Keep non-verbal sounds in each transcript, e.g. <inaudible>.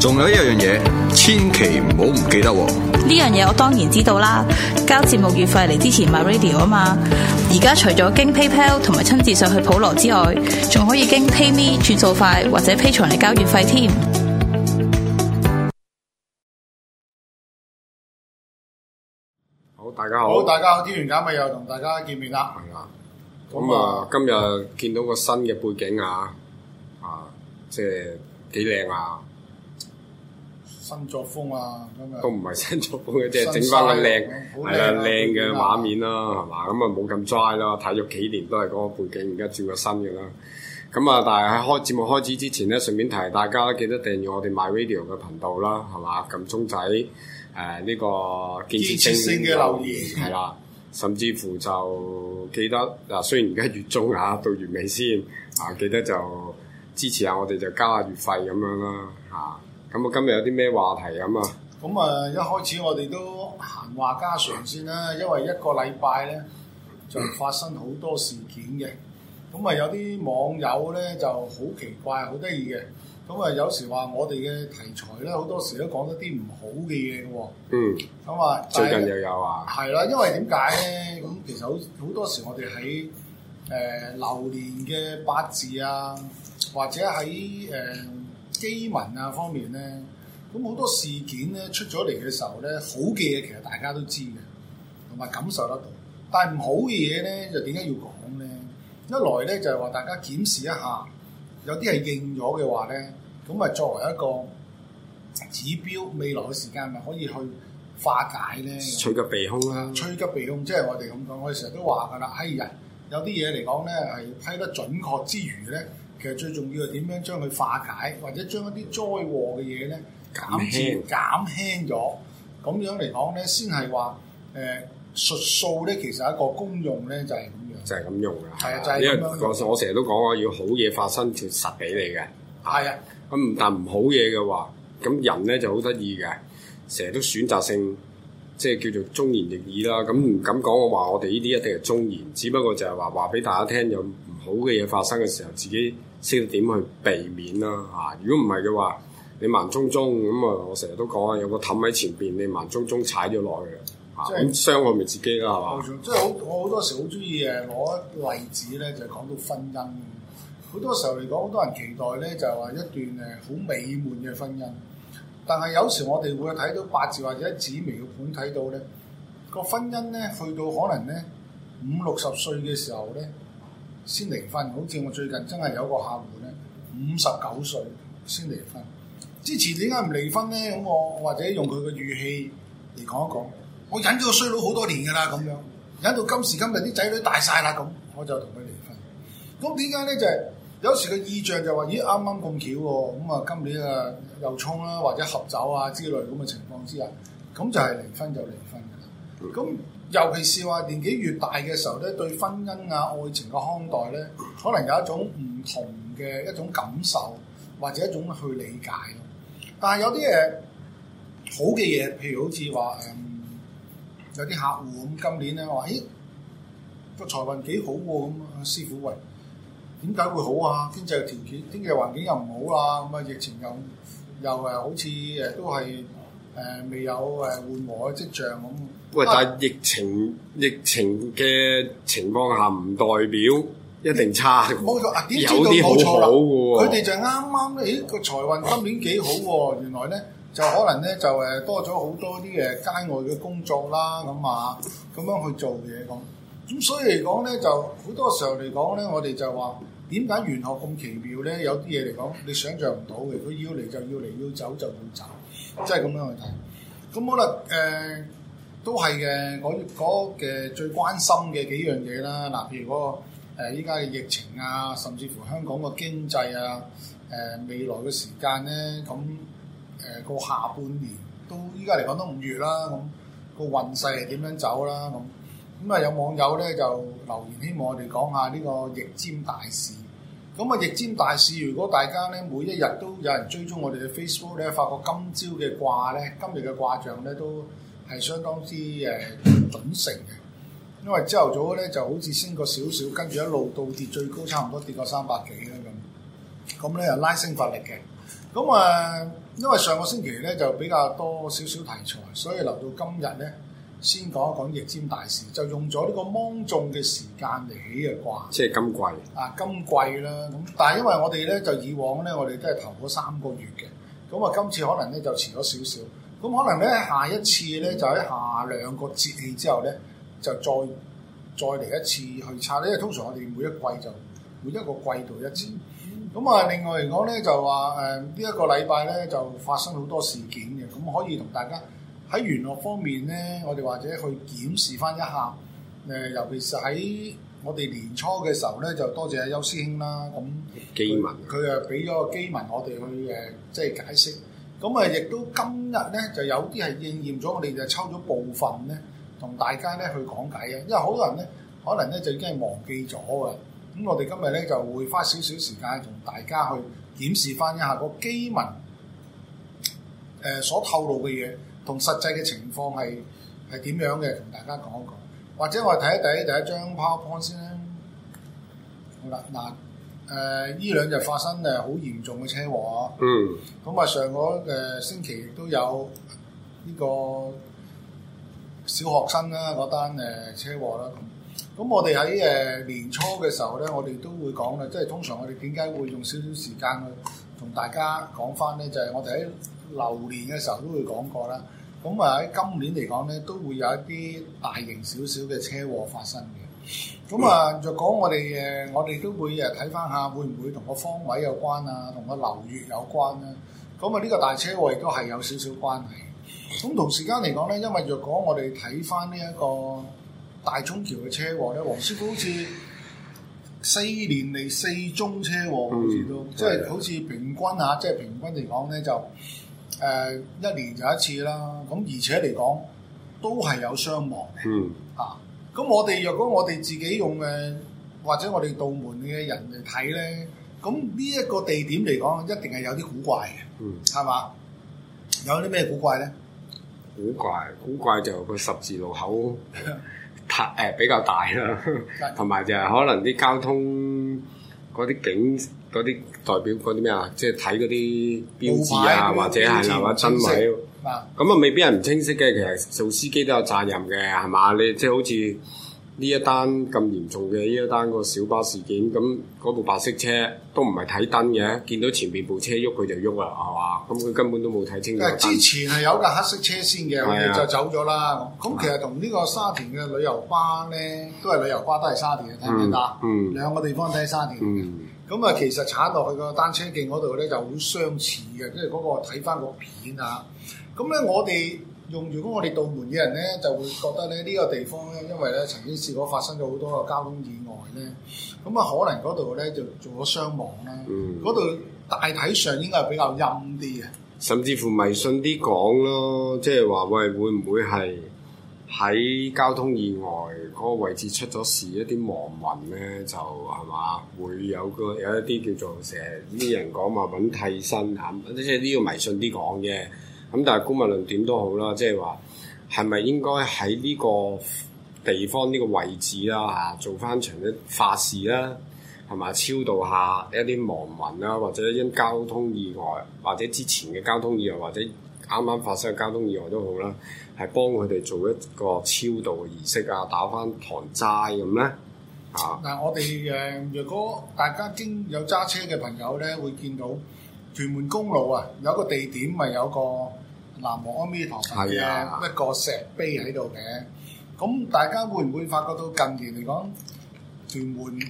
仲有一樣嘢，千祈唔好唔記得。呢樣嘢我當然知道啦，交節目月費嚟支持 MyRadio 啊嘛。而家除咗經 PayPal 同埋親自上去普羅之外，仲可以經 PayMe 轉數快或者 Patreon 嚟交月費添。好，大家好，好大家好，天玄解密又同大家見面啦。咁啊，今日見到個新嘅背景啊，啊，即係幾靚啊！新作風啊，都唔係新作風嘅，即係整翻個靚，係啦靚嘅畫面啦，係嘛，咁啊冇咁 dry 啦，睇咗幾年都係嗰個背景，而家照咗新嘅啦。咁啊，但係喺開節目開始之前咧，順便提大家記得訂閱我哋 My Radio 嘅頻道啦，係嘛，撳鐘仔，誒、呃、呢、這個建設性嘅留言係啦， <laughs> 甚至乎就記得嗱，雖然而家月中嚇到月尾先，啊記得就支持下我哋就交下月費咁樣啦，嚇、啊。啊啊啊咁我今日有啲咩話題啊嘛？咁啊，一開始我哋都閒話家常先啦，因為一個禮拜咧就發生好多事件嘅。咁啊、嗯，有啲網友咧就好奇怪、好得意嘅。咁、嗯、啊，有時話我哋嘅題材咧，好多時都講一啲唔好嘅嘢喎。嗯。咁啊，最近又有啊？係啦，因為點解咧？咁其實好好多時我，我哋喺誒流年嘅八字啊，或者喺誒，呃基民啊方面咧，咁好多事件咧出咗嚟嘅時候咧，好嘅嘢其實大家都知嘅，同埋感受得到。但係唔好嘅嘢咧，就點解要講咧？一來咧就係話大家檢視一下，有啲係應咗嘅話咧，咁啊作為一個指標，未來嘅時間咪可以去化解咧。趨吉避凶啦！趨吉避凶，即係我哋咁講，我哋成日都話㗎啦，哎呀！有啲嘢嚟講咧係批得準確之餘咧。其實最重要係點樣將佢化解，或者將一啲災禍嘅嘢咧減輕減輕咗，咁樣嚟講咧，先係話誒術數咧，其實一個功用咧就係、係、咁樣，就係咁用㗎，係啊，就係、樣因為我我成日都講話，要好嘢發生先實俾你嘅，係啊的，咁的但唔好嘢嘅話，咁人咧就好得意嘅，成日都選擇性即係叫做忠言逆耳啦，咁唔敢講嘅話我哋呢啲一定係忠言，只不過就係話話俾大家聽，有唔好嘅嘢發生嘅時候，自己。先要點去避免啦、啊、嚇、啊！如果唔係嘅話，你盲中中咁啊！我成日都講啊，有個氹喺前邊，你盲中中踩咗落去啊！咁是傷害咪自己啦，係嘛、嗯？冇錯吧，即係好，我好多時好中意誒攞例子咧，就是、講到婚姻。好多時候嚟講，好多人期待咧，就話、是、一段誒好美滿嘅婚姻。但係有時我哋會睇到八字或者紫微嘅盤睇到咧，那個婚姻咧去到可能咧五六十歲嘅時候咧。先離婚，好似我最近真係有一個客戶咧，五十九歲先離婚。之前點解唔離婚咧？咁我或者用佢嘅語氣嚟講一講，我忍咗個衰佬好多年㗎啦，咁樣忍到今時今日啲仔女大晒啦，咁我就同佢離婚。咁點解咧？就係有時個意象就話，咦啱啱咁巧喎，咁啊今年啊又沖啦，或者合走啊之類咁嘅情況之下，咁就係離婚就離婚㗎啦。咁。尤其是話年紀越大嘅時候咧，對婚姻啊、愛情嘅看待咧，可能有一種唔同嘅一種感受，或者一種去理解。但係有啲嘢好嘅嘢，譬如好似話誒，有啲客戶咁、嗯，今年咧話咦個財運幾好喎咁啊，嗯、師傅喂，點解會好啊？經濟條件、經濟環境又唔好啊，咁、嗯、啊疫情又又誒好似誒都係誒、嗯、未有誒緩和嘅跡象咁。嗯喂，但係疫情疫情嘅情況下唔代表一定差嘅，冇錯啊，點有啲好好嘅喎。佢哋就啱啱咧，誒，哎，個財運今年幾好喎。原來咧就可能咧就誒多咗好多啲誒街外嘅工作啦，咁啊咁樣去做嘢咁。咁所以嚟講咧，就好多時候嚟講咧，我哋就話點解玄學咁奇妙咧？有啲嘢嚟講，你想象唔到嘅，佢要嚟就要嚟，要走就要走，即係咁樣去睇。咁好啦，誒。呃都係嘅，我、那、嘅、個、最關心嘅幾樣嘢啦。嗱，譬如嗰個誒依家嘅疫情啊，甚至乎香港個經濟啊，誒未來嘅時間咧，咁、那、誒個下半年到依家嚟講都五月啦，咁、那個運勢係點樣走啦？咁咁啊，有網友咧就留言希望我哋講下呢個逆佔大市。咁啊，逆佔大市，如果大家咧每一日都有人追蹤我哋嘅 Facebook 咧，發覺今朝嘅卦咧，今日嘅卦象咧都，係相當之誒穩、呃、成嘅，因為朝頭早咧就好似升個少少，跟住一路倒跌，最高差唔多跌個三百幾啦咁。咁、嗯、咧又拉升乏力嘅。咁、嗯、啊，因為上個星期咧就比較多少少題材，所以留到今日咧先講一講易占大事，就用咗呢個芒種嘅時間嚟起嘅卦。即係今季。啊，今季啦，咁、嗯、但係因為我哋咧就以往咧，我哋都係投嗰三個月嘅，咁啊今次可能咧就遲咗少少。咁可能咧，下一次咧就喺下兩個節氣之後咧，就再再嚟一次去測咧。因為通常我哋每一季就每一個季度一次。咁啊，另外嚟講咧就話誒、呃這個、呢一個禮拜咧就發生好多事件嘅。咁可以同大家喺玄學方面咧，我哋或者去檢視翻一下誒、呃，尤其是喺我哋年初嘅時候咧，就多謝阿邱師兄啦。咁基文，佢啊俾咗個基文我哋去誒、呃，即係解釋。咁啊，亦都今日咧，就有啲係應驗咗，我哋就抽咗部分咧，同大家咧去講解嘅。因為好多人咧，可能咧就已經係忘記咗嘅。咁我哋今日咧就會花少少時間同大家去檢視翻一下個基文誒所透露嘅嘢，同實際嘅情況係係點樣嘅，同大家講一講。或者我哋睇一睇第一張 PowerPoint 先啦。好啦，嗱。誒呢兩日發生誒好嚴重嘅車禍，嗯，咁啊、嗯、上個誒星期亦都有呢個小學生啦嗰單誒、呃、車禍啦，咁、嗯，咁、嗯、我哋喺誒年初嘅時候咧，我哋都會講啦，即係 <laughs> 通常我哋點解會用少少時間去同大家講翻咧，就係、是、我哋喺流年嘅時候都會講過啦，咁啊喺今年嚟講咧，都會有一啲大型少少嘅車禍發生嘅。咁啊，若、嗯、果我哋誒，我哋都會誒睇翻下，會唔會同個方位有關啊？同個流月有關啊。咁啊，呢個大車禍亦都係有少少關係。咁同時間嚟講咧，因為若果我哋睇翻呢一個大中橋嘅車禍咧，黃師傅好似四年嚟四宗車禍，嗯、好似都即係好似平均啊，即係係嘅平均嚟講咧就誒、呃、一年就一次啦。咁而且嚟講都係有傷亡嘅，嗯、啊！咁我哋若果我哋自己用嘅，或者我哋道門嘅人嚟睇咧，咁呢一個地點嚟講，一定係有啲古怪嘅，係嘛、嗯？有啲咩古怪咧？古怪古怪就個十字路口太誒 <laughs> 比較大啦，同埋就係可能啲交通。嗰啲景，嗰啲代表嗰啲咩啊？即係睇嗰啲標誌啊，或者係啦，或者真偽。咁啊晰，未必人唔清晰嘅。其實做司機都有責任嘅，係嘛？你即係好似。呢一單咁嚴重嘅，呢一單個小巴事件，咁嗰部白色車都唔係睇燈嘅，見到前面部車喐，佢就喐啦，係嘛？咁佢根本都冇睇清楚。之前係有架黑色車先嘅，的我哋就走咗啦。咁其實同呢個沙田嘅旅遊巴咧，都係旅遊巴都係沙田嘅，睇唔睇得？嗯嗯、兩個地方都喺沙田嘅。咁啊、嗯，其實踩落去個單車徑嗰度咧就好相似嘅，跟住嗰個睇返個片啊。咁咧，我哋。用如果我哋道門嘅人咧，就會覺得咧呢、這個地方咧，因為咧曾經試過發生咗好多個交通意外咧，咁啊可能嗰度咧就做咗傷亡啦。嗯，嗰度大體上應該係比較陰啲嘅，甚至乎迷信啲講咯，即係話喂，會唔會係喺交通意外嗰個位置出咗事，一啲亡魂咧就係嘛會有個有一啲叫做成日啲人講話揾替身嚇、嗯，即係呢個迷信啲講嘅。咁但係公民論點都好啦，即係話係咪應該喺呢個地方呢、呢個位置啦嚇，做翻場啲法事啦，係咪超度下一啲亡魂啦，或者因交通意外，或者之前嘅交通意外，或者啱啱發生嘅交通意外都好啦，係幫佢哋做一個超度嘅儀式啊，打翻堂齋咁咧嚇。嗱我哋誒，若果大家經有揸車嘅朋友咧，會見到屯門公路啊，有一個地點咪有個，南望安邊塘嘅一個石碑喺度嘅，咁大家會唔會發覺到近年嚟講，屯門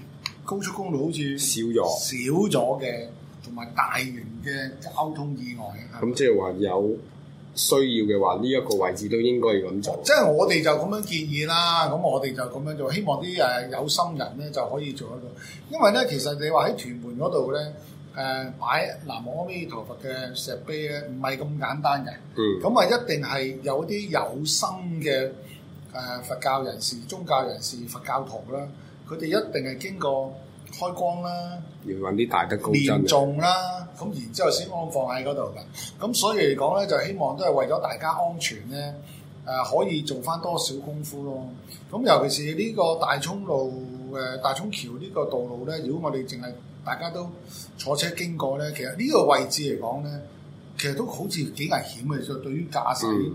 高速公路好似少咗少咗嘅，同埋大型嘅交通意外。咁即係話有需要嘅話，呢一個位置都應該要咁做。即係我哋就咁樣建議啦，咁我哋就咁樣做，希望啲誒有心人咧就可以做得到。因為咧，其實你話喺屯門嗰度咧。誒擺南無阿彌陀佛嘅石碑咧，唔係咁簡單嘅。咁啊，一定係有啲有心嘅誒佛教人士、宗教人士、佛教徒啦，佢哋一定係經過開光啦，要搵啲大德高僧啦，咁然之後先安放喺嗰度嘅。咁所以嚟講咧，就希望都係為咗大家安全咧，誒可以做翻多少功夫咯。咁尤其是呢個大涌路誒大涌橋呢個道路咧，如果我哋淨係大家都坐車經過咧，其實呢個位置嚟講咧，其實都好似幾危險嘅。就對於駕駛，嗯、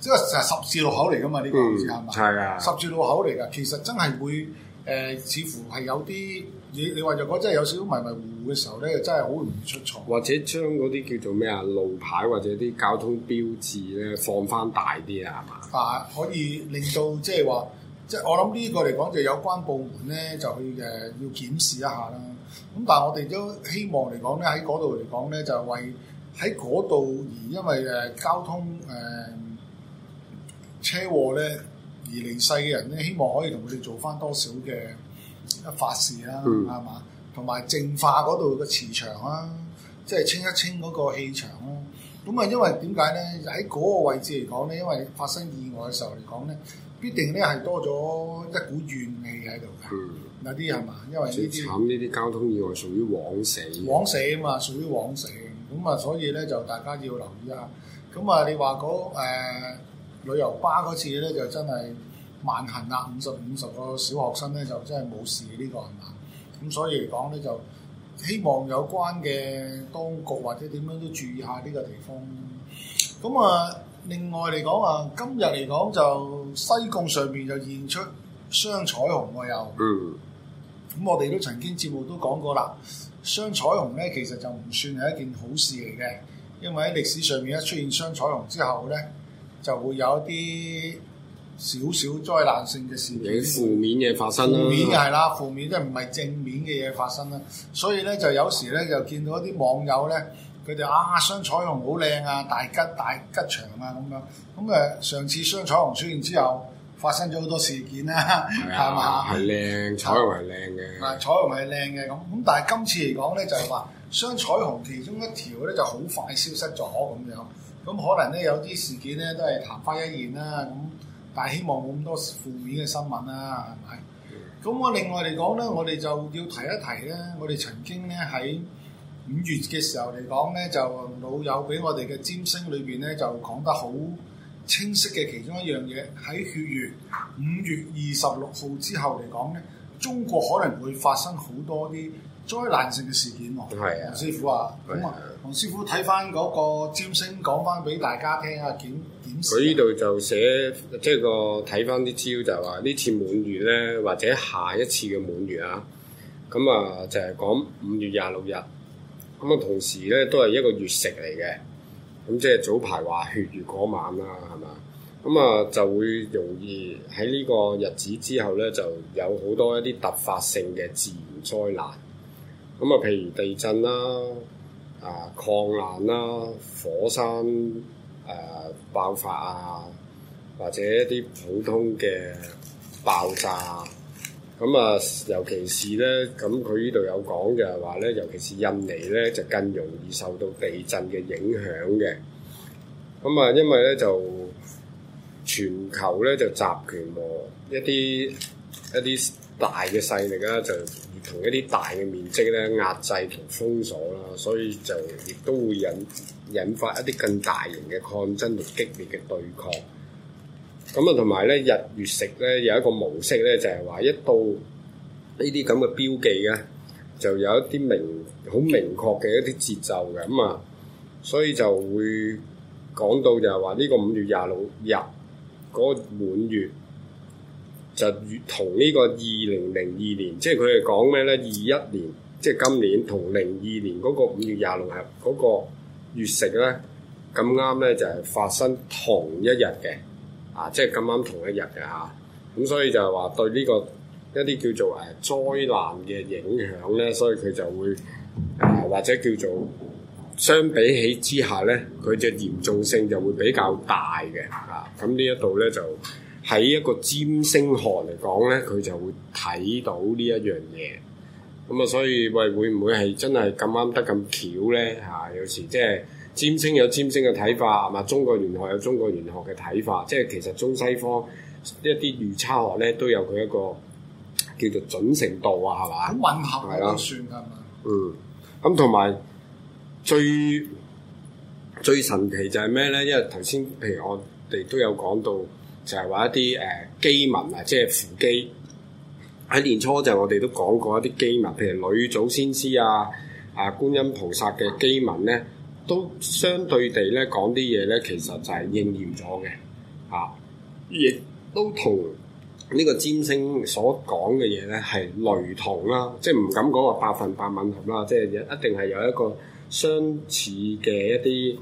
即係就係十字路口嚟噶嘛，呢個位置係嘛？係啊、嗯，吧十字路口嚟噶，其實真係會誒、呃，似乎係有啲你你話若果真係有少少迷迷糊糊嘅時候咧，真係好容易出錯。或者將嗰啲叫做咩啊路牌或者啲交通標誌咧放翻大啲啊，係嘛？啊，可以令到即係話。就是即係我諗呢個嚟講，就有關部門咧就去誒、呃、要檢視一下啦。咁但係我哋都希望嚟講咧，喺嗰度嚟講咧，就為喺嗰度而因為誒交通誒、呃、車禍咧而離世嘅人咧，希望可以同佢哋做翻多少嘅一法事啦、啊，係嘛、嗯？同埋淨化嗰度嘅磁場啦、啊，即係清一清嗰個氣場咯。咁啊，因為點解咧？喺嗰個位置嚟講咧，因為發生意外嘅時候嚟講咧。必定咧係多咗一股怨氣喺度嘅，有啲人嘛？因為呢啲慘呢啲交通意外屬於枉，枉，枉死，枉死啊嘛，屬於枉死咁啊，所以咧就大家要留意啊。咁啊，你話嗰、呃、旅遊巴嗰次咧，就真係萬幸啊，五十五十個小學生咧就真係冇事呢、這個係嘛？咁所以嚟講咧，就希望有關嘅當局或者點樣都注意下呢個地方。咁啊，另外嚟講啊，今日嚟講就。西貢上面就現出雙彩虹喎、啊、又，咁、嗯、我哋都曾經節目都講過啦，雙彩虹咧其實就唔算係一件好事嚟嘅，因為喺歷史上面一出現雙彩虹之後咧，就會有一啲少少災難性嘅事，負事情、啊負，負面嘢發生啦。負面嘅係啦，負面即係唔係正面嘅嘢發生啦，所以咧就有時咧就見到一啲網友咧。佢哋啊，雙彩虹好靚啊，大吉大吉祥啊，咁樣咁誒。上次雙彩虹出現之後，發生咗好多事件啦，係咪啊？係靚彩虹係靚嘅。嗱 <laughs> 吧，彩虹係靚嘅咁，咁、啊、但係今次嚟講咧，就係、是、話雙彩虹其中一條咧就好快消失咗咁樣。咁可能咧有啲事件咧都係曇花一現啦、啊。咁但係希望冇咁多負面嘅新聞啦、啊，係咪？咁我另外嚟講咧，我哋就要提一提咧，我哋曾經咧喺。五月嘅時候嚟講咧，就老友俾我哋嘅占星裏邊咧，就講得好清晰嘅其中一樣嘢，喺血月五月二十六號之後嚟講咧，中國可能會發生好多啲災難性嘅事件喎。是黃師傅啊，咁啊，黃師傅睇翻嗰個占星講翻俾大家聽啊，檢檢。佢呢度就寫，即係個睇翻啲招就係話呢次滿月咧，或者下一次嘅滿月啊，咁、嗯、啊就係講五月廿六日。咁啊，同時咧都係一個月食嚟嘅，咁即係早排話血月嗰晚啦，係嘛？咁、嗯、啊就會容易喺呢個日子之後咧，就有好多一啲突發性嘅自然災難。咁、嗯、啊，譬如地震啦、啊、呃、抗啊礦難啦、火山誒、呃、爆發啊，或者一啲普通嘅爆炸、啊。咁啊，尤其是咧，咁佢呢度有講就係話咧，尤其是印尼咧，就更容易受到地震嘅影響嘅。咁啊，因為咧就全球咧就集權喎，一啲一啲大嘅勢力啦，就同一啲大嘅面積咧壓制同封鎖啦，所以就亦都會引引發一啲更大型嘅抗爭同激烈嘅對抗。咁啊，同埋咧日月食咧有一個模式咧，就係話一到呢啲咁嘅標記咧，就有一啲明好明確嘅一啲節奏嘅咁啊，所以就會講到就係話呢個五月廿六日嗰個滿月就同呢個二零零二年，即係佢係講咩咧？二一年即係今年同零二年嗰個五月廿六日嗰個月食咧咁啱咧，就係發生同一日嘅。啊，即係咁啱同一日嘅嚇，咁、啊、所以就係話對呢、這個一啲叫做誒災、啊、難嘅影響咧，所以佢就會誒、啊、或者叫做相比起之下咧，佢嘅嚴重性就會比較大嘅，啊，咁呢一度咧就喺一個占星學嚟講咧，佢就會睇到呢一樣嘢，咁啊，所以喂，會唔會係真係咁啱得咁巧咧？嚇、啊，有時即、就、係、是。占星有占星嘅睇法，係嘛？中國玄學有中國玄學嘅睇法，即係其實中西方一啲預測學咧都有佢一個叫做準成度啊，係嘛？咁混合嚟算㗎嘛？嗯，咁同埋最最神奇就係咩咧？因為頭先譬如我哋都有講到就，就係話一啲誒乩文啊，即係扶乩喺年初就我哋都講過一啲乩文，譬如呂祖先師啊、啊觀音菩薩嘅乩文咧。都相對地咧講啲嘢咧，其實就係應驗咗嘅，啊！亦都同呢個占星所講嘅嘢咧係雷同啦，即係唔敢講話百分百吻合啦，即係一定係有一個相似嘅一啲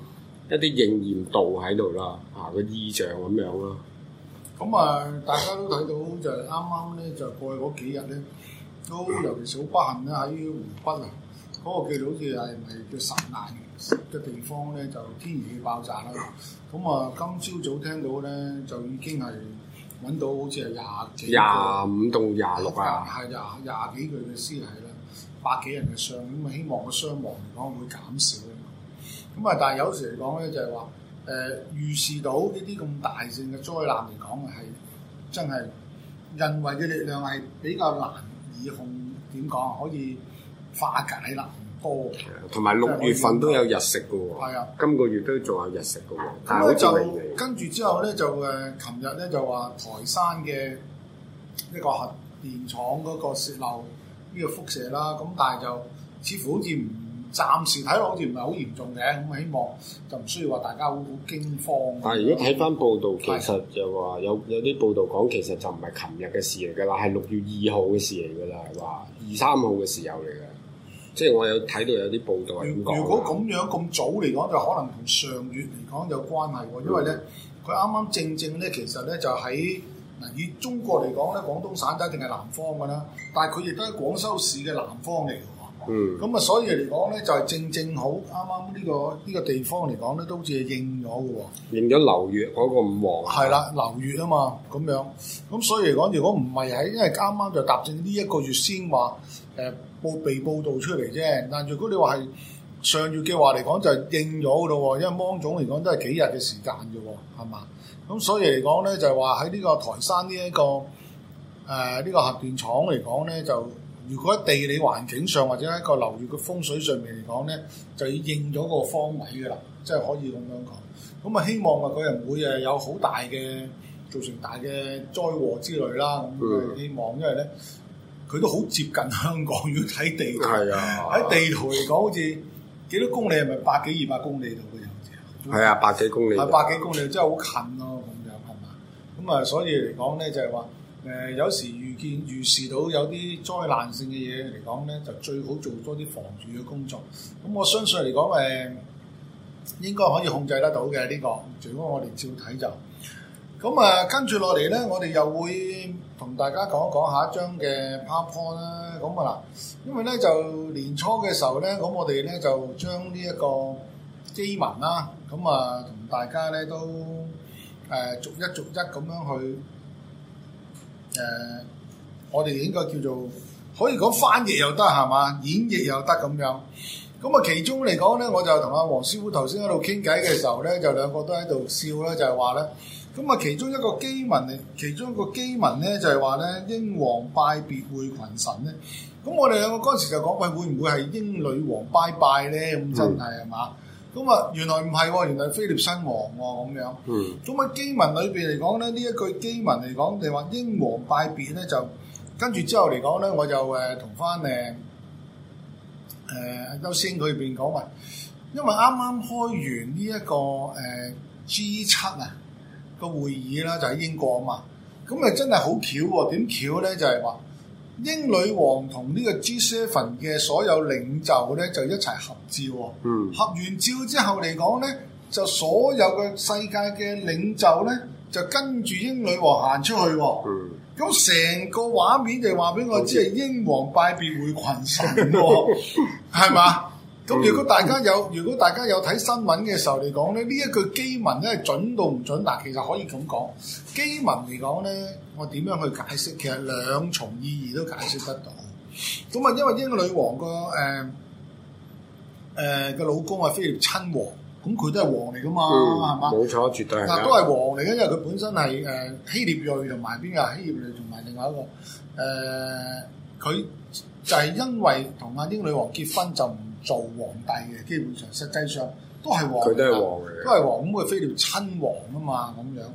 一啲應驗度喺度啦，啊個意象咁樣啦、啊。咁啊，大家都睇到就係啱啱咧就啱啱咧、就係、過去嗰幾日咧，都尤其是好不幸啦喺湖北啊。嗰個記得好似係咪叫十萬嘅地方咧，就天然氣爆炸啦。咁啊，今朝早聽到咧，就已經係揾到好似係廿幾，廿五到廿六啊，係廿廿幾具嘅屍體啦，百幾人嘅傷，咁啊，希望個傷亡嚟講會減少啊。咁啊，但係有時嚟講咧，就係話誒預示到呢啲咁大件嘅災難嚟講係真係人為嘅力量係比較難以控點講可以。化解啦，同埋六月份都有日食嘅喎，啊、今個月都仲有日食嘅喎，好、啊、跟住之後咧就誒，琴日咧就話台山嘅呢個核電廠嗰個泄漏呢個輻射啦，咁但係就似乎好似唔暫時睇落好似唔係好嚴重嘅，咁希望就唔需要話大家好驚慌。但係如果睇翻報道，其實就話有有啲報道講，其實就唔係琴日嘅事嚟㗎啦，係六月二號嘅事嚟㗎啦，係話二三號嘅時候嚟嘅。即係我有睇到有啲報道係咁講。如果咁樣咁 <noise> 早嚟講，就可能同上月嚟講有關係喎。因為咧，佢啱啱正正咧，其實咧就喺嗱，以中國嚟講咧，廣東省就一定係南方㗎啦。但係佢亦都係廣州市嘅南方嚟嘅喎。嗯。咁啊，所以嚟講咧，就係正正好啱啱呢個呢個地方嚟講咧，都好似係應咗嘅喎。應咗流月嗰個五黃。係啦，流月啊嘛，咁樣。咁所以嚟講，如果唔係喺，因為啱啱就踏正呢一個月先話。誒報、呃、被報道出嚟啫，但如果你話係上月嘅話嚟講，就係應咗嘅咯，因為芒種嚟講都係幾日嘅時間啫，係嘛？咁所以嚟講咧，就係話喺呢個台山呢、這、一個誒呢、呃這個核電廠嚟講咧，就如果喺地理環境上或者喺個流月嘅風水上面嚟講咧，就要應咗個方位嘅啦，即係可以咁樣講。咁啊，希望啊嗰樣會誒有好大嘅造成大嘅災禍之類啦。咁啊、嗯，希望因為咧。佢都好接近香港，如果睇地圖，喺係啊 <laughs> 地圖嚟講，好似幾多公里？係咪百幾二百公里度嘅？好似係啊，百幾公里。係百幾公里，真係好近咯，咁樣係嘛？咁啊，所以嚟講咧，就係話誒，有時預見預示到有啲災難性嘅嘢嚟講咧，就最好做多啲防禦嘅工作。咁我相信嚟講誒，應該可以控制得到嘅呢、呢個，除非我哋照睇就。咁啊，跟住落嚟咧，我哋又會同大家講一講下一張嘅 PowerPoint 啦。咁啊嗱，因為咧就年初嘅時候咧，咁我哋咧就將呢一個偈文啦，咁啊同大家咧都誒、呃、逐一逐一咁樣去誒、呃，我哋應該叫做可以講翻譯又得係嘛，演繹又得咁樣。咁啊其中嚟講咧，我就同阿黃師傅頭先喺度傾偈嘅時候咧，就兩個都喺度笑啦，就係話咧。咁啊，其中一個乩文，嚟，其中一個乩文咧就係話咧，英皇拜別會群臣咧。咁我哋兩個嗰時就講話，會唔會係英女王拜拜咧？咁真係係嘛？咁啊、嗯，原來唔係、哦，原來菲臘親王喎、哦、咁樣。咁啊、嗯，乩文裏邊嚟講咧，呢一句乩文嚟講，你話英皇拜別咧，就跟住之後嚟講咧，我就誒同翻誒誒優先裏邊講話，因為啱啱開完呢、這、一個誒、呃、G 七啊。個會議啦、哦，就喺英國啊嘛，咁啊真係好巧喎！點巧咧就係話，英女王同呢個 G7 嘅所有領袖咧就一齊合照、哦，嗯，合完照之後嚟講咧，就所有嘅世界嘅領袖咧就跟住英女王行出去、哦，嗯，咁成個畫面就話俾我知係英王拜別會群臣喎、哦，係嘛？ <laughs> 咁、嗯、如果大家有，如果大家有睇新聞嘅時候嚟講咧，呢一句基文咧準到唔準？嗱，其實可以咁講，基文嚟講咧，我點樣去解釋？其實兩重意義都解釋得到。咁啊，因為英女王個誒誒嘅老公啊，菲臘親王，咁佢都係王嚟噶嘛，係嘛、嗯？冇吧錯，絕對係。嗱，都係王嚟嘅，因為佢本身係誒希臘裔同埋邊個？希臘裔同埋另外一個誒，佢、呃、就係因為同阿英女王結婚就唔～做皇帝嘅基本上，實際上都係皇，皇，皇，佢都係王嘅，都係王。咁佢菲臘親王啊嘛，咁樣。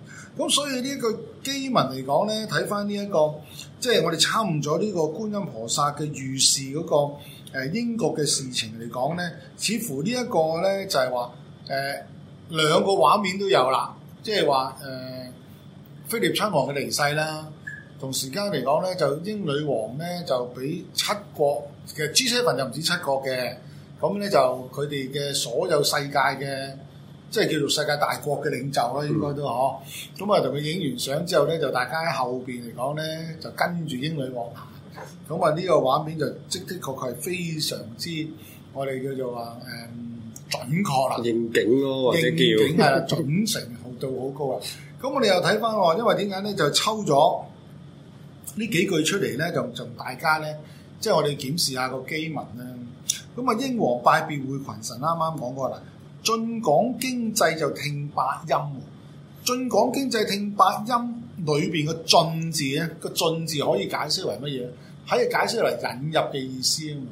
咁所以呢一句基民嚟講咧，睇翻呢一個，即係我哋參悟咗呢個觀音菩薩嘅預示嗰個、呃、英國嘅事情嚟講咧，似乎呢一個咧就係話誒兩個畫面都有啦，即係話誒菲臘親王嘅離世啦，同時間嚟講咧就英女王咧就俾七國嘅，其實 G7 就唔止七國嘅。咁咧就佢哋嘅所有世界嘅，即係叫做世界大國嘅領袖啦，應該都嗬。咁、嗯、啊同佢影完相之後咧，就大家喺後邊嚟講咧，就跟住英女王。咁啊呢個畫面就的的確確係非常之，我哋叫做話誒、嗯、準確啦，應景咯或者叫係準成度數好高啦。咁我哋又睇翻喎，因為點解咧就抽咗呢幾句出嚟咧，就就大家咧，即係我哋檢視下個機文啦。咁啊，英皇拜別會群臣，啱啱講過啦。進港經濟就聽八音，進港經濟聽八音，裏邊個進字咧，個進字可以解釋為乜嘢咧？可以解釋為引入嘅意思啊嘛。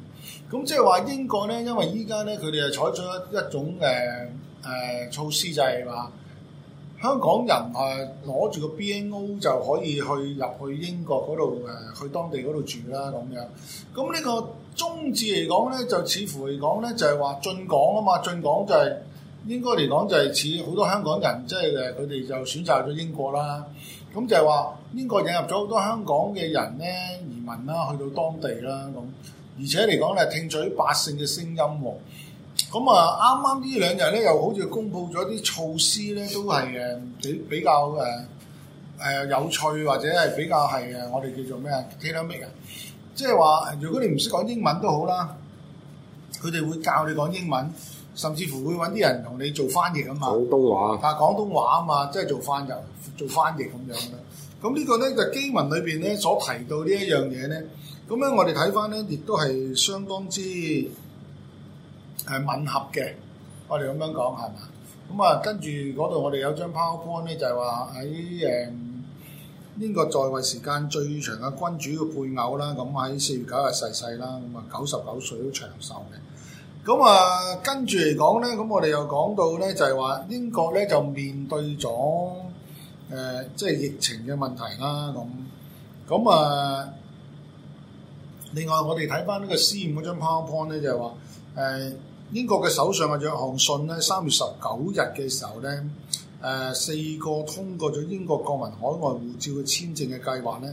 咁即係話英國咧，因為依家咧佢哋係採取一種誒誒措施，就係話。香港人誒攞住個 BNO 就可以去入去英國嗰度誒去當地嗰度住啦咁樣，咁呢個宗旨嚟講呢就似乎嚟講呢就係話進港啊嘛，進港就係、是、應該嚟講就係似好多香港人即係佢哋就選擇咗英國啦，咁就係話英國引入咗好多香港嘅人呢移民啦，去到當地啦咁，而且嚟講呢聽取百姓嘅聲音喎。咁啊，啱啱呢兩日咧，又好似公佈咗啲措施咧，都係誒比比較誒誒有趣，或者係比較係誒我哋叫做咩啊，teach them English，即係話如果你唔識講英文都好啦，佢哋會教你講英文，甚至乎會揾啲人同你做翻譯啊嘛。廣東話，但係廣東話啊嘛，即係做翻譯、做翻譯咁樣啦。咁呢個咧就是、基文裏邊咧所提到一呢一樣嘢咧，咁咧我哋睇翻咧，亦都係相當之，係吻合嘅，我哋咁樣講係嘛？咁啊，跟住嗰度我哋有張 PowerPoint 咧，就係話喺誒英國在位時間最長嘅君主嘅配偶啦。咁喺四月九日逝世啦，咁啊九十九歲都長壽嘅。咁、嗯、啊，跟住嚟講咧，咁、嗯、我哋又講到咧，就係話英國咧就面對咗誒、呃，即係疫情嘅問題啦。咁咁啊，另外我哋睇翻呢個 C 五嗰張 PowerPoint 咧，就係話誒。英國嘅首相啊，約翰遜咧，三月十九日嘅時候咧，誒、呃、四個通過咗英國國民海外護照嘅簽證嘅計劃咧，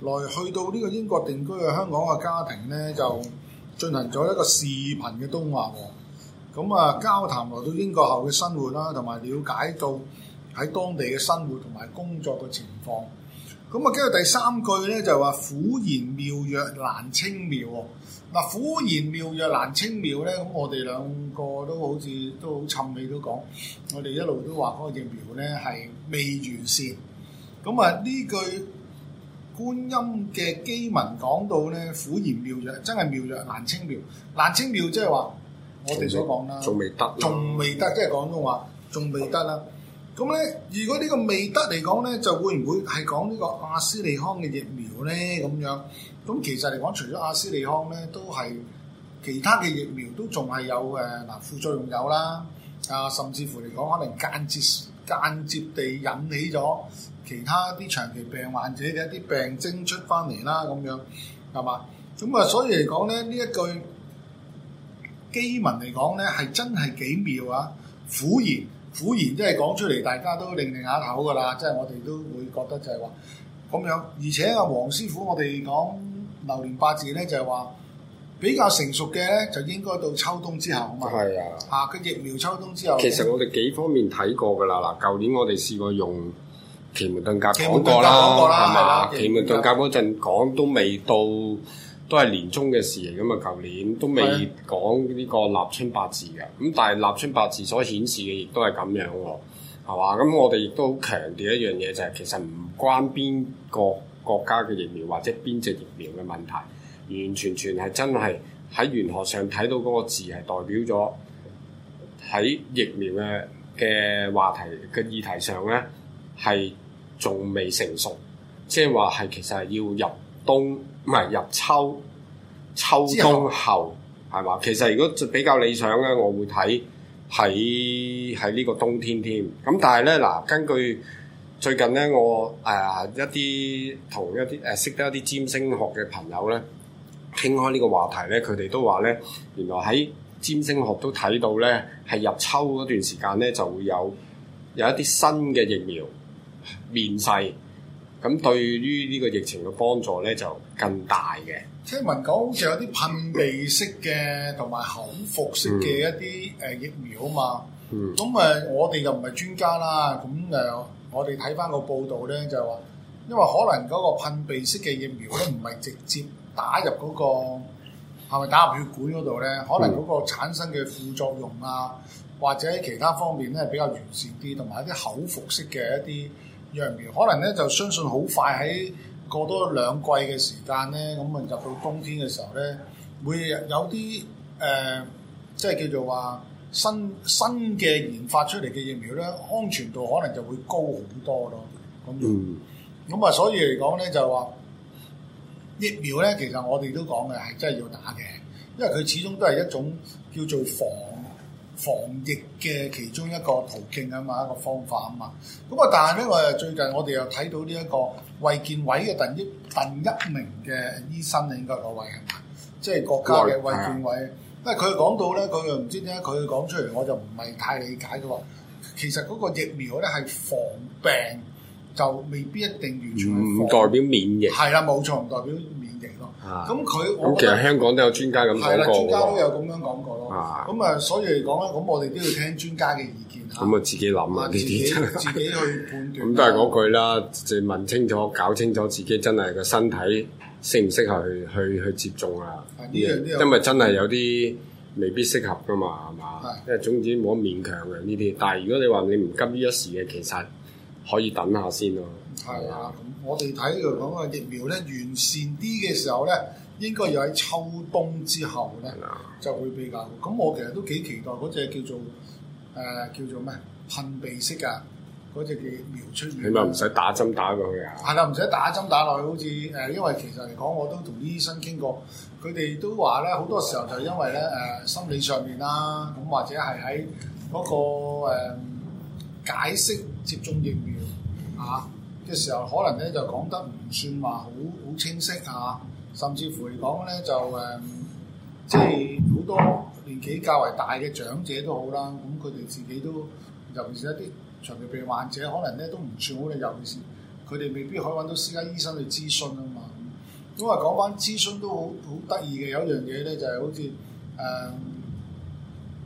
來去到呢個英國定居嘅香港嘅家庭咧，就進行咗一個視頻嘅通話喎，咁啊交談來到英國後嘅生活啦，同埋了解到喺當地嘅生活同埋工作嘅情況，咁啊跟住第三句咧就話苦言妙藥難清妙。嗱，苦言妙藥難清妙咧，咁我哋兩個都好似都好沉味都講，我哋一路都話嗰隻苗咧係未完善，咁啊呢句觀音嘅偈文講到咧，虎言妙藥真係妙藥難清妙，難清妙即係話我哋所講啦，仲未，未得，仲未得，即係廣東話，仲未得啦。咁咧，如果呢個未得嚟講咧，就會唔會係講呢個阿斯利康嘅疫苗咧咁樣？咁其實嚟講，除咗阿斯利康咧，都係其他嘅疫苗都仲係有誒嗱副作用有啦，啊，甚至乎嚟講，可能間接間接地引起咗其他啲長期病患者嘅一啲病徵出翻嚟啦，咁樣係嘛？咁啊，所以嚟講咧，呢一句基文嚟講咧，係真係幾妙啊！苦言。果然即係講出嚟，大家都擰擰下頭㗎啦，即係我哋都會覺得就係話咁樣。而且阿、啊、黃師傅，我哋講流年八字咧，就係、是、話比較成熟嘅咧，就應該到秋冬之後啊嘛。係啊，嚇佢、啊、疫苗秋冬之後。其實我哋幾方面睇過㗎啦，嗱，舊年我哋試過用奇門遁甲講過啦，咪嘛？奇門遁甲嗰陣講都未到。都係年中嘅事嚟，咁啊，舊年都未講呢個立春八字嘅，咁但係立春八字所顯示嘅亦都係咁樣，係嘛？咁我哋亦都強調一樣嘢，就係其實唔關邊個國家嘅疫苗或者邊隻疫苗嘅問題，完完全全係真係喺玄學上睇到嗰個字係代表咗喺疫苗嘅嘅話題嘅議題上咧，係仲未成熟，即係話係其實係要入冬。唔係入秋，秋冬後係嘛後？其實如果比較理想咧，我會睇喺喺呢個冬天添。咁但係咧嗱，根據最近咧，我誒、呃、一啲同一啲誒、啊、識得一啲占星學嘅朋友咧，傾開呢個話題咧，佢哋都話咧，原來喺占星學都睇到咧，係入秋嗰段時間咧就會有有一啲新嘅疫苗面世。咁對於呢個疫情嘅幫助咧就更大嘅。聽聞講好似有啲噴鼻式嘅同埋口服式嘅一啲誒疫苗啊嘛。咁誒、嗯、我哋就唔係專家啦。咁誒我哋睇返個報道咧就話，因為可能嗰個噴鼻式嘅疫苗咧唔係直接打入嗰、嗰個係咪 <laughs> 打入血管嗰度咧？可能嗰個產生嘅副作用啊，嗯、或者其他方面咧比較完善啲，同埋一啲口服式嘅一啲，疫苗可能咧就相信好快喺過多兩季嘅時間咧，咁啊入到冬天嘅時候咧，會有啲誒、呃、即係叫做話新新嘅研發出嚟嘅疫苗咧，安全度可能就會高好多咯。咁樣，咁啊、嗯、所以嚟講咧就話疫苗咧，其實我哋都講嘅係真係要打嘅，因為佢始終都係一種叫做防。防疫嘅其中一個途徑啊嘛，一個方法啊嘛。咁啊，但係咧，我又最近我哋又睇到，這個、我到呢一個衞健委嘅鄧一鄧一鳴嘅醫生咧，應該各位係嘛？即係國家嘅衞健委，因為佢講到咧，佢又唔知點解佢講出嚟，我就唔係太理解嘅喎。其實嗰個疫苗咧係防病，就未必一定完全唔、嗯、代表免疫。係啦，冇錯，唔代表。咯，咁佢，咁其實香港都有專家咁講過。係啦，專家都有咁樣講過咯。啊，咁啊，所以嚟講咧，咁我哋都要聽專家嘅意見咁啊，自己諗啊，呢啲自己去判斷。咁都係嗰句啦，就問清楚、搞清楚自己真係個身體適唔適合去去去接種啊？啲因為真係有啲未必適合噶嘛，係嘛？因為總之唔好勉強嘅呢啲。但係如果你話你唔急於一時嘅，其實可以等下先咯。係啊，咁我哋睇佢講個疫苗咧，完善啲嘅時候咧，應該要喺秋冬之後咧就會比較好。咁我其實都幾期待嗰隻叫做誒、呃、叫做咩噴鼻式啊，嗰隻嘅苗出嚟。起碼唔使打針打落去啊！係啦，唔使打針打落去，好似誒、呃，因為其實嚟講，我都同醫生傾過，佢哋都話咧好多時候就係因為咧誒、呃、心理上面、啊、啦，咁或者係喺嗰個、呃、解釋接種疫苗啊，嘅時候可能咧就講得唔算話好好清晰啊，甚至乎嚟講咧就誒，即係好多年紀較為大嘅長者都好啦，咁佢哋自己都，尤其是一啲長期病患者，可能咧都唔算好嘅，尤其是佢哋未必可以揾到私家醫生去諮詢啊嘛。咁為講翻諮詢都好好得意嘅，有一樣嘢咧就係、是、好似誒、嗯、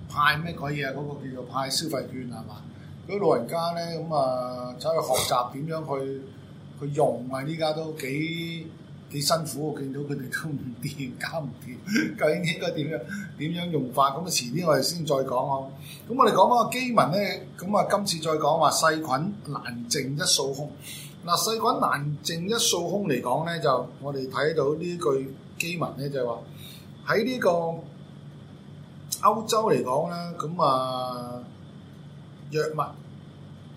派咩鬼嘢嗰個叫做派消費券係嘛？如果老人家咧，咁啊走去學習點樣去去用啊！呢家都幾幾辛苦，我見到佢哋都唔掂，搞唔掂，究竟應該點樣點樣用法？咁、嗯、啊，遲啲我哋先再講咯。咁、嗯、我哋講嗰個基文咧，咁、嗯、啊，今次再講話細菌難淨一掃空。嗱，細菌難淨一掃空嚟、嗯、講咧，就我哋睇到呢句基文咧，就係話喺呢個歐洲嚟講咧，咁、嗯、啊～藥物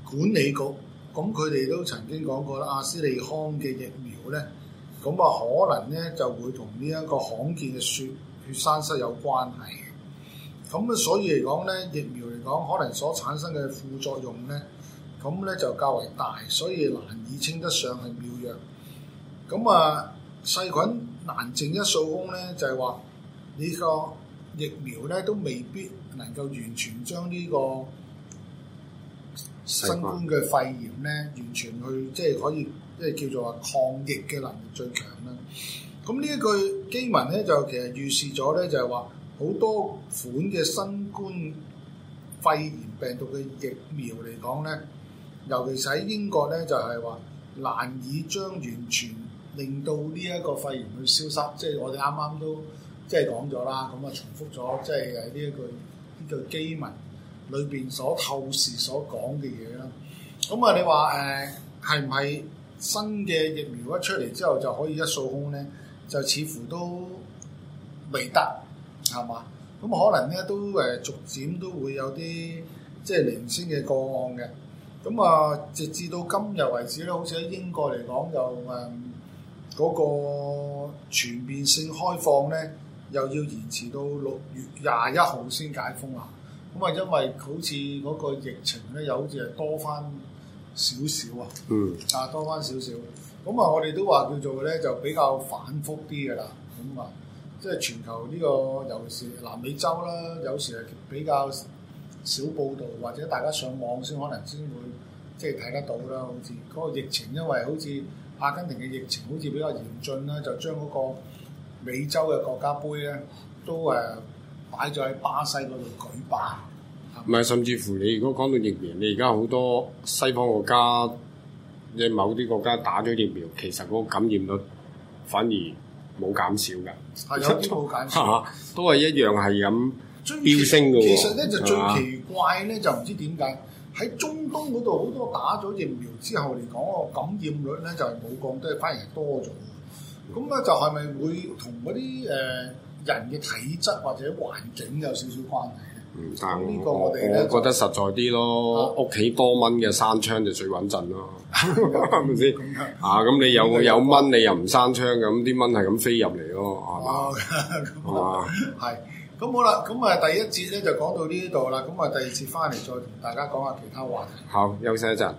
管理局，咁佢哋都曾經講過啦，阿斯利康嘅疫苗呢，咁啊可能呢就會同呢一個罕見嘅血血栓塞有關係嘅。咁所以嚟講呢，疫苗嚟講可能所產生嘅副作用呢，咁呢就較為大，所以難以稱得上係妙藥。咁啊，細菌難淨一掃空呢就係話你個疫苗呢都未必能夠完全將呢、呢個。新冠嘅肺炎咧，完全去即係、就是、可以，即、就、係、是、叫做話抗疫嘅能力最強啦。咁、嗯、呢一句乩文咧，就其實預示咗咧，就係話好多款嘅新冠肺炎病毒嘅疫苗嚟講咧，尤其喺英國咧，就係、是、話難以將完全令到呢一個肺炎去消失。即係我哋啱啱都即係講咗啦，咁啊，重複咗，即係係呢一句呢句乩文，裏邊所透視所講嘅嘢啦，咁、嗯、啊，你話誒係唔係新嘅疫苗一出嚟之後就可以一掃空呢？就似乎都未得，係嘛？咁、嗯、可能咧都誒、呃、逐漸都會有啲即係零星嘅個案嘅。咁、嗯、啊，直至到今日為止咧，好似喺英國嚟講又誒嗰個全面性開放呢，又要延遲到六月廿一號先解封啊！咁啊，因為好似嗰個疫情咧，又好似係多翻少少啊，嗯，啊多翻少少，咁啊，我哋都話叫做咧就比較反覆啲嘅啦，咁啊，即係全球呢個尤其是南美洲啦，有時係比較少報道，或者大家上網先可能先會即係睇得到啦。好似嗰個疫情，因為好似阿根廷嘅疫情好似比較嚴峻啦，就將嗰個美洲嘅國家杯咧都誒。呃擺咗喺巴西嗰度舉辦，唔係甚至乎你如果講到疫苗，你而家好多西方國家即係某啲國家打咗疫苗，其實嗰個感染率反而冇減少㗎，有啲冇減少， <laughs> 都係一樣係咁飆升㗎喎。其實咧就最奇怪咧吧就唔知點解喺中東嗰度好多打咗疫苗之後嚟講個感染率咧就係冇降低，反而多咗。咁咧就係咪會同嗰啲誒？呃人嘅體質或者環境有少少關係嘅。嗯但我，但係我覺得實在啲咯，屋企、啊、多蚊嘅閂窗就最穩陣咯，係咪先？啊，咁你有有，有蚊，你又唔閂窗，咁啲蚊係咁飛入嚟咯，係嘛？係。咁好啦，咁啊第一節咧就講到呢度啦，咁啊第二節翻嚟再同大家講下其他話題。好，休息一陣。